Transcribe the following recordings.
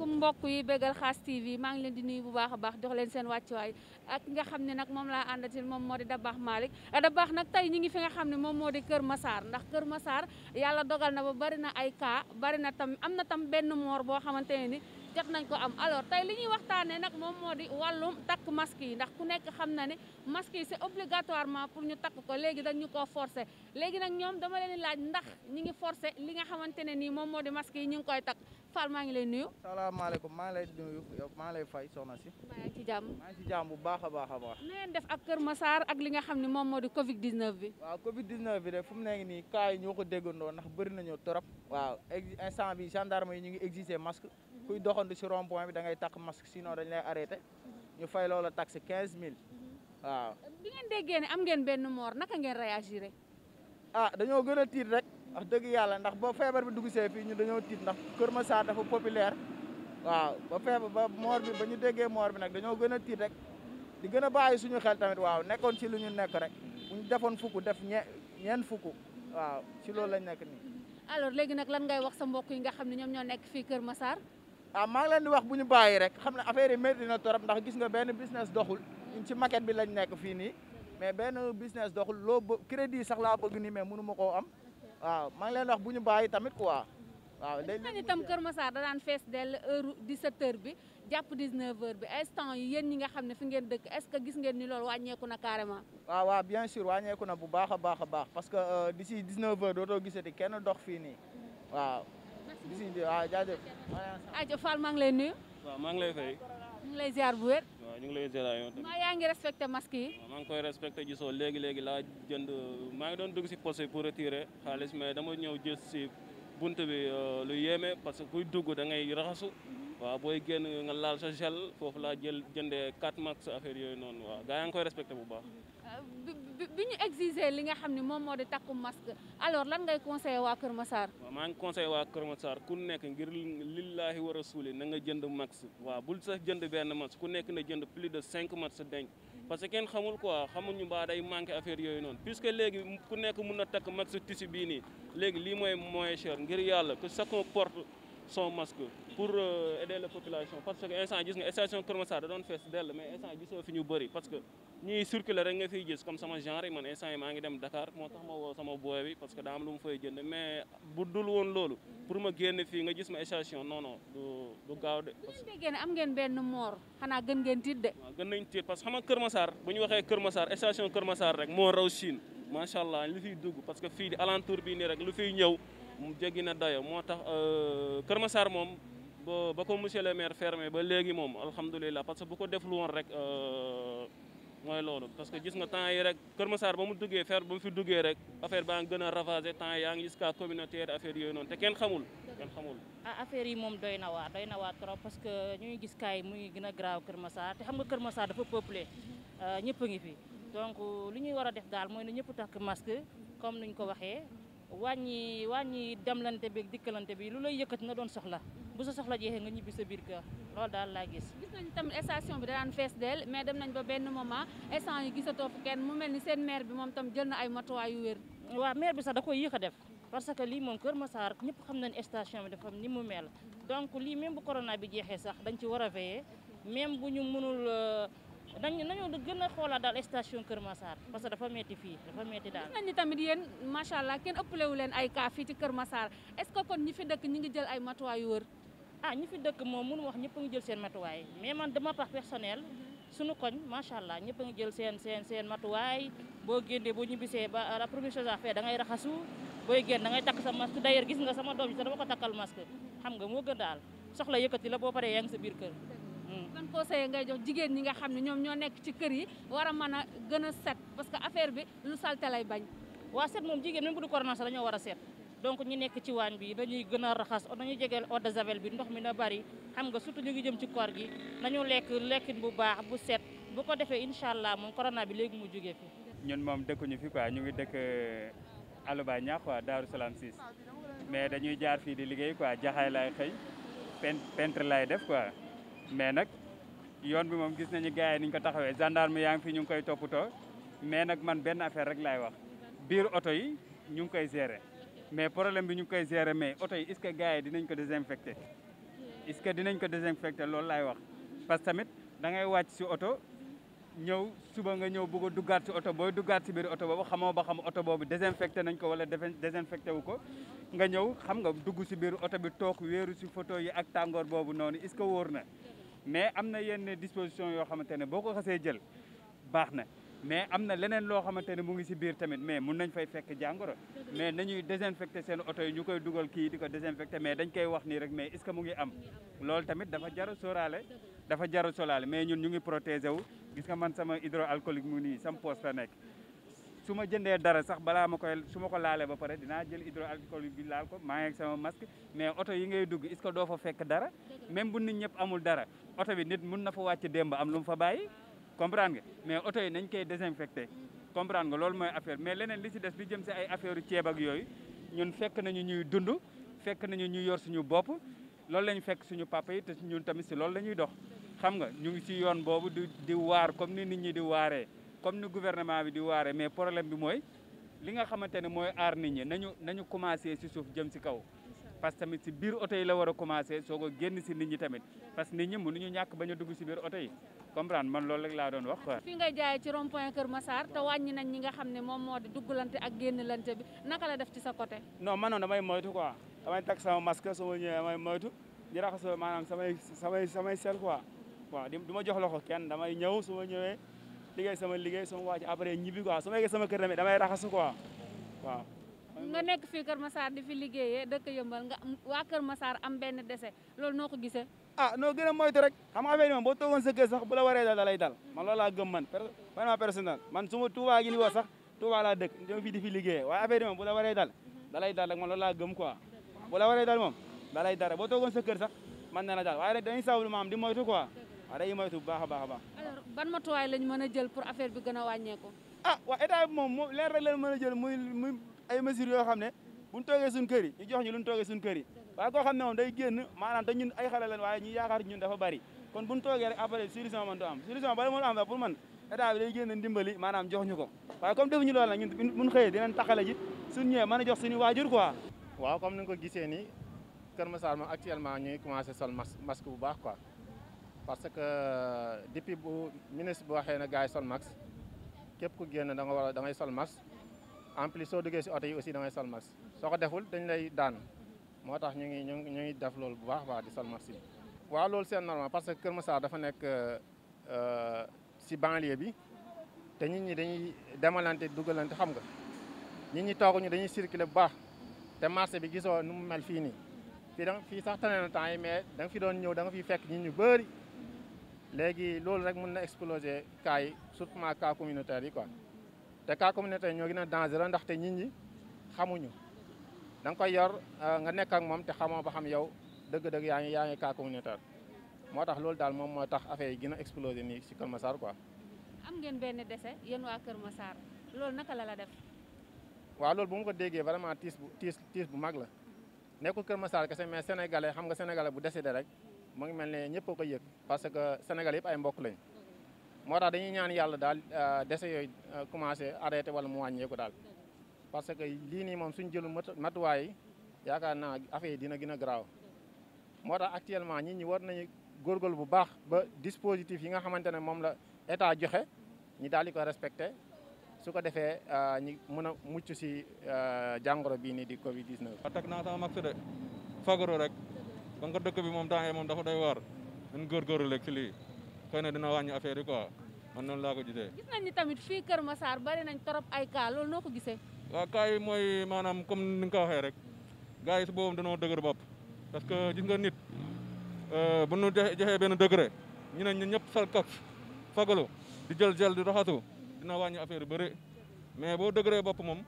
salaamaaleykum mbokk yi bégal xaas TV maa ngi leen di nuy bu baax a baax jox leen seen wàccuwaay ak nga xam ne nag moom laa àndatil moom moo di Dabakh Malick eh, Dabakh nag tey ñi ngi fi nga xam ne moom moo di Kër Massar ndax Kër Massar yàlla dogal na ba bari na ay cas bari na tam am na tam benn moor boo xamante ne ni jot nañ ko am alors tey li ñuy waxtaanee nag moom moo di wàllum takk masque yi ndax ku nekk xam na ne masque yi c'est obligatoirement pour ñu takk ko léegi ñu koo forcer léegi nag ñoom dama leen laaj ndax ñi ngi force li nga xamante ne nii moom moo di masque yi ñu ngi koy takk Fall maa ngi lay nuyu. maa ngi lay fay soxna maa ngi ci bu baax a baax a baax. na ngeen def ak Kër Massar ak li nga xam ne moom moo di Covid 19 bi. waaw Covid 19 bi de fu mu nekk nii cas yi ñoo ko déggandoo ndax bëri nañu trop. waaw instant bi gendarme yi ñu ngi exiger masque. Mhm. kuy doxandu si rond point bi da ngay takk masque sinon dañ lay arrêté. Mhm. ñu fay loola taxe 15000. Mhm. waaw bi ngeen déggee ne am ngeen benn moor naka ngeen réagir. ah dañoo gën wax dëgg yàlla ndax ba feebar bi dugg see fii ñu dañoo tiit ndax Kër ma Massar dafa populaire waaw ba feebar ba moor bi ba ñu déggee moor bi nag dañoo gën a tiit rek di gën a bàyyi suñu xel tamit waaw nekkoon ci lu ñu nekk rek bu ñu defoon fukk def ñe ñeent fukk waaw ci loolu lañ nekk nii. alors léegi nag lan ngay wax sa mbokk yi nga xam ne ñoom ñoo nekk fii Kër Massar. ah maa ngi leen di wax bu ñu bàyyi rek xam ne affaire yi métti na torop ndax gis nga benn business doxul ñun ci maquette bi lañ nekk fii nii mais benn business doxul loo crédit sax laa bëgg nii koo am waaw maa ngi leen wax bu ñu bàyyi tamit quoi. waaw léegi nag itam Kër Massar da fees dell heure 17h bi jàpp 19h bi instant yi yéen ñi nga xam ne fi ngeen dëkk est-ce que gis ngeen ni loolu wàññeeku na carrément. waaw waaw bien sûr wàññeeku na bu baax a baax a baax parce que euh, d'ici 19h dootoo gisati kenn dox fii nii waaw. merci beaucoup d'ici waaw jaajëf. Aja Fall maa ngi lay nuyu. maa ngi lay fay. ñu ngi lay ziar bu wér. ñu ngi lay ziar yow tamit. maa yaa ngi respecté masque yi. maa ngi koy respecté gisoo léegi léegi laa jënd maa ngi doon dugg si poste pour retirer xaalis mais dama ñëw jël si bunt bi euh, lu yéeme parce que kuy dugg da ngay raxasu. Mhm. waaw booy génn nga laal sa gel foofu laa jël jëndee 4 max affaire yooyu noonu waa gaa yaa ngi koy respecté bu baax. Mhm. Euh, bi ñu li nga xam ne moom moo di takku masque alors lan ngay conseillé waa Kër Massar. waaw maa ngi conseillé waa Kër Massar ku nekk ngir lillaahi wa rasuuli na nga jënd masque waaw bul sa jënd benn masque ku nekk na jënd plus de cinq masques denc mhm. parce que kenn xamul quoi xamuñu mbaa day manqué affaire yooyu noonu puisque léegi ku nekk mun na takk masque tissu bii nii léegi lii mooy moins cher ngir yàlla que chacun porte. son masque pour euh, aider la population parce que instant gis nga station Kër Massar da fi ñu bëri parce que ñuy circuler rek nga fiy gis comme sama genre man instant yi maa ngi dem Dakar moo tax ma woo sama booy bi parce que daa lu mu fay jënd mais bu woon loolu pour ma génn fii nga gis ma station non non du gaaw de. parce que fii di alentour bi nii rek lu fiy ñëw. mu jéggi na dayo moo tax euh, Kër Massar moom ba ba ko monsieur le maire fermé ba léegi moom alhamdulilah parce que bu ko def lu woon rek euh, mooy loolu parce que gis nga temps yi rek Kër Massar ba mu duggee fer ba fi duggee rek affaire baa ngi gën a ravagé temps yaa ngi gis cas communautaire affaire yooyu noonu te kenn xamul kenn ah, yi moom doy na waar doy na parce que ñu ngi gis kaay mu ngi gën a grave Kër te xam nga Kër Massar dafa peuplé euh, ñëpp ngi fi donc lu ñuy war a def daal mooy na ñëpp takk masque comme ni ñu ko waxee wàññi wàññi demlante bi dikkalante bi lu lay yëkkati na doon soxla bu sa soxla jeexee nga ñibbi sa biir kër loolu daal laa gis tamit station bi daan fees dell mais dem nañ ba benn moment instant yi gisatoo fu kenn mu mel ni seen maire bi moom tam jël na ay matuwaay yu wér waaw maire bi sax da koy yéex a def parce que lii moom Kër Massar ñëpp xam nañ station bi dafa ni mu mel donc lii même bu corona bi jeexee sax dañ ci war a veiller même bu ñu mënul euh, nañ nañu gën a xoolaat daal station Kër Massar parce que dafa metti fii dafa metti daal. gis nañ ni tamit yéen macha kenn ëppalewu leen ay cas fii ci Kër Massar est que kon ñi fi dëkk ñi ngi jël ay matuwaay yu wër. ah ñi fi dëkk moom mënu wax ñëpp a jël seen matuwaay mais man dama part personnel suñu koñ macha allah ñëpp a ngi jël seen seen matuwaay boo génnee boo ñibbisee ba la première chose à faire da ngay raxasu booy génn da ngay takk sa masque d'ailleurs gis nga sama doom ji sax dama ko takkal masque xam nga moo gën daal soxla yëkkati la boo paree yaa sa biir kër ban conseil ngay jox jigéen ñi nga xam ne ñoom ñoo nekk ci kër yi war a mën a gën a set parce que affaire bi lu salte bañ waa set moom jigéen même bu du corona sax dañoo war a set donc ñu nekk ci waañ bi dañuy gën a raxas dañuy jegeel eau de javel bi ndox mi na bari xam nga surtout ñu ngi jëm ci koor gi nañu lekk lekkin bu baax bu set bu ko defee incha allah moom corona bi léegi mu jógee fi ñun moom dëkkuñu fi quoi ñu ngi dëkk euh, Alouba Niakh quoi Daaru Salaam 6 mais dañuy jaar fii di liggéey quoi jaxaay laay xëy peintre laay def quoi mais nag yoon bi moom gis nañu gars yi ni ko taxawee gendarme yaa ngi fi ñu ngi koy toppatoo mais nag man benn affaire rek laay wax biir oto yi ñu ngi koy gérer mais problème bi ñu koy gérer mais oto yi est-ce que gars yi dinañ ko désinfecté est-ce que dinañ ko désinfecté loolu laay wax parce que tamit dangay wàcc si oto ñëw suba nga ñëw bëgg a duggaat si oto booy duggaat biir oto boobu xamoo ba xam oto boobu désinfecté nañ ko wala désinfecté wu ko nga ñëw xam nga dugg si biir oto bi toog wéeru si photo yi ak tàngoor boobu noonu est-ce que wóor na mais am na yenn disposition yoo xamante ne boo ko xasee jël baax na mais am na leneen loo xamante ne mu ngi si biir tamit mais mun nañ fay fekk jàngoro mais nañuy désinfecté seen oto yi ñu koy dugal kii di ko désinfecté mais dañ koy wax nii rek mais est ce mu ngi am loolu tamit dafa jara sóoraale dafa jara sóoraale mais ñun ñu ngi protégé wu gis nga man sama hydroalcoolique mu nii sam poos fa nekk su ma jëndee dara sax balaa ma koy suma ma ko laalee ba pare dinaa jël hydroalcoolique bi laal ko maa ngi ak sama masque mais oto yi ngay dugg est-ce que doo fa fekk dara même bu nit ñëpp amul dara oto bi nit mun na fa wàcc démb am lu mu fa bàyyi comprendre nga mais oto yi nañ koy désinfecté comprendre nga lool mooy affaire mais leneen li ci des li jëm ci ay affaire ceeb ak yooyu ñun fekk nañu ñuy dund fekk nañu ñuy yor suñu bopp loolu lañu fekk suñu papa yi te ñun tamit ci loolu la ñuy dox xam nga ñu ngi ci yoon boobu di di waar comme ni nit ñi di waaree comme ni gouvernement bi di waare mais problème bi mooy li nga xamante ne mooy aar nit ñi nañu nañu commencé si suuf jëm si kaw parce que tamit si biir oto yi la war a commencé soo ko génn si nit ñi tamit parce que nit ñi ñu ñàkk bañ a dugg si biir oto yi comprendre man loolu rek laa doon wax quoi. fi nga jaayee ci rond point Kër Massar te wàññi nañ ñi nga xam ne moom moo di dugg lante ak génnlante bi naka la def ci sa côté. non man noonu damay moytu quoi damay takk sama masque su ma ñëwee damay moytu di raxasoo maanaam samay samay samay sel quoi waaw ma jox loxo kenn damay ñëw su ma ñëwee. liggéey sama liggéey sama wàcc après ñibbi quoi su ma yeggee sama kër tamit damay raxasu quoi waaw. nga nekk fii Kër Massar di fi liggéeyee dëkk yëmbal nga waa Kër benn dese loolu noo ko gisee. ah noo gën a moytu rek xam nga affaire yi moom boo toogoon sa kër bu la waree dal da lay dal man loolu laa gëm man vraiment personnel man su ma Touba gi ni sax Touba laa dëkk di fi liggéeyee waaye affaire yi bu la waree dal da lay dal rek man loolu laa gëm quoi bu la waree dal da lay dal rek boo toogoon sa kër sax man na la dal waaye rek dañuy sawlu maam di moytu quoi waaw dañuy moytu bu baax a baax a baax. alors ban matuwaay a jël pour affaire bi gën a wàññeeku. ah waa état bi moom leen rek leen mën a jël muy ay mesures yoo xam ne buñ toogee suñ kër ñu jox ñu luñ toogee suñ kër yi waaye koo xam ne moom day génn maanaam te ñun ay xale lañ waaye ñu yaakaar ñun dafa bari kon buñ toogee rek après solution man du am solution bari mënu am sax pour man ñu ko waaye comme defuñu taxale ji suñ ñëwee mën a jox suñu waajur quoi waaw comme ni nga ko gisee nii Kër Massar moom actuellement ñu ngi commencé parce que depuis bu ministre bu waxee na gars yi sol max képp ku génn da nga war a sol max en plus soo duggee si oto yi aussi da sol max soo ko deful dañ lay daan moo tax ñu ngi ñu ngi ñu ngi def loolu bu baax baax di sol max si. waaw loolu c'est normal parce que Kër Massar dafa nekk euh, si banlieue bi te nit ñi dañuy demalante dugalante xam nga nit ñi tooguñu dañuy circuler bu baax te marché bi gisoo nu mu mel fii nii fii da fii sax tane na temps yi mais da fi doon ñëw da fi fekk nit ñu bëri. léegi loolu rek mun na exploser kaay yi surtout cas communautaire yi quoi te ka communautaire ñoo gën a dangereux ndaxte nit ñi xamuñu danga nga koy yor euh, nga nekk ak moom te xamoo ba xam yow dëgg-dëgg yaa ngi yaa ngi cas communautaire moo tax loolu daal moom moo tax affaire yi gën a exploser nii si Kër Massar quoi. am ngeen benn dese yéen waa Kër Massar loolu naka la la def. waaw loolu bu mu ko déggee vraiment tiis bu tiis tiis bu mag la nekkul Kër Massar kese mais sénégalais xam nga sénégalais bu décédé rek. mu ngi mel ne ñëpp ko yëg parce que Sénégal yëpp ay mbokk lañ moo tax dañuy ñaan yàlla daal euh, dese yooyu euh, commencé arrêté wala mu wàññeeku daal parce que lii nii moom suñ jëlul matuwaay yaakaar naa affaire yi dina gën a garaaw moo tax actuellement ñi ñi war nañu góorgóorlu bu baax ba dispositif yi nga xamante ne moom la état joxe ñi daal di ko respecté su ko defee euh, ñi mën a mucc si jàngoro bii nii di Covid 19. attaque naa a max de fagaru rek. donc dëkk bi moom temps moom dafa doy waar nañ góorgóorlu rek ci lii xëy na dina wàññi affaire yi quoi man noonu laa ko gisee. gis nañ tamit fii Kër Massar bari nañ trop ay cas loolu noo ko gisee. waaw cas mooy maanaam comme ni nga ko waxee rek gars yi si boobu dañoo dëgër bopp parce que gis nga nit euh, bu nu joxee benn degré ñu ne ñun ñëpp sal kaf fagalu di jël jël di raxatu dina wàññi affaire yu bëri mais boo degré bopp moom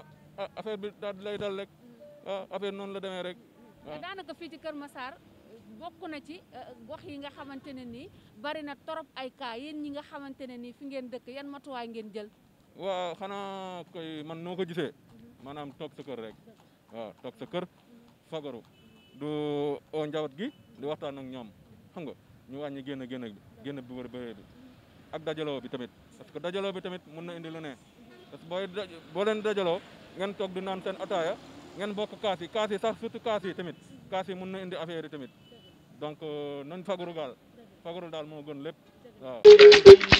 ah, ah, affaire bi daal di lay dal rek ah, affaire noonu la demee rek. te daanaka fii ci Kër Massar bokk na ci eh, gox yi nga xamante ne nii bari na torop ay cas yéen ñi nga xamante ne nii fi ngeen dëkk yan matuwaay ngeen jël. waaw xanaa koy man noo ko gisee maanaam toog sa kër rek waaw toog sa kër fagaru du oo njawat gi di waxtaan ak ñoom xam nga ñu wàññi génn génn bi génn bi wër bëree bi ak dajaloo bi tamit parce que dajaloo bi tamit mun na indi ne parce que booy boo leen dajaloo ngeen toog di naan seen ataaya ngeen bokk kaas yi kaas yi sax surtout kaas yi tamit kaas yi mun na indi affaire yi donc euh, nañ fagaru daal fagaru daal moo gën lépp waa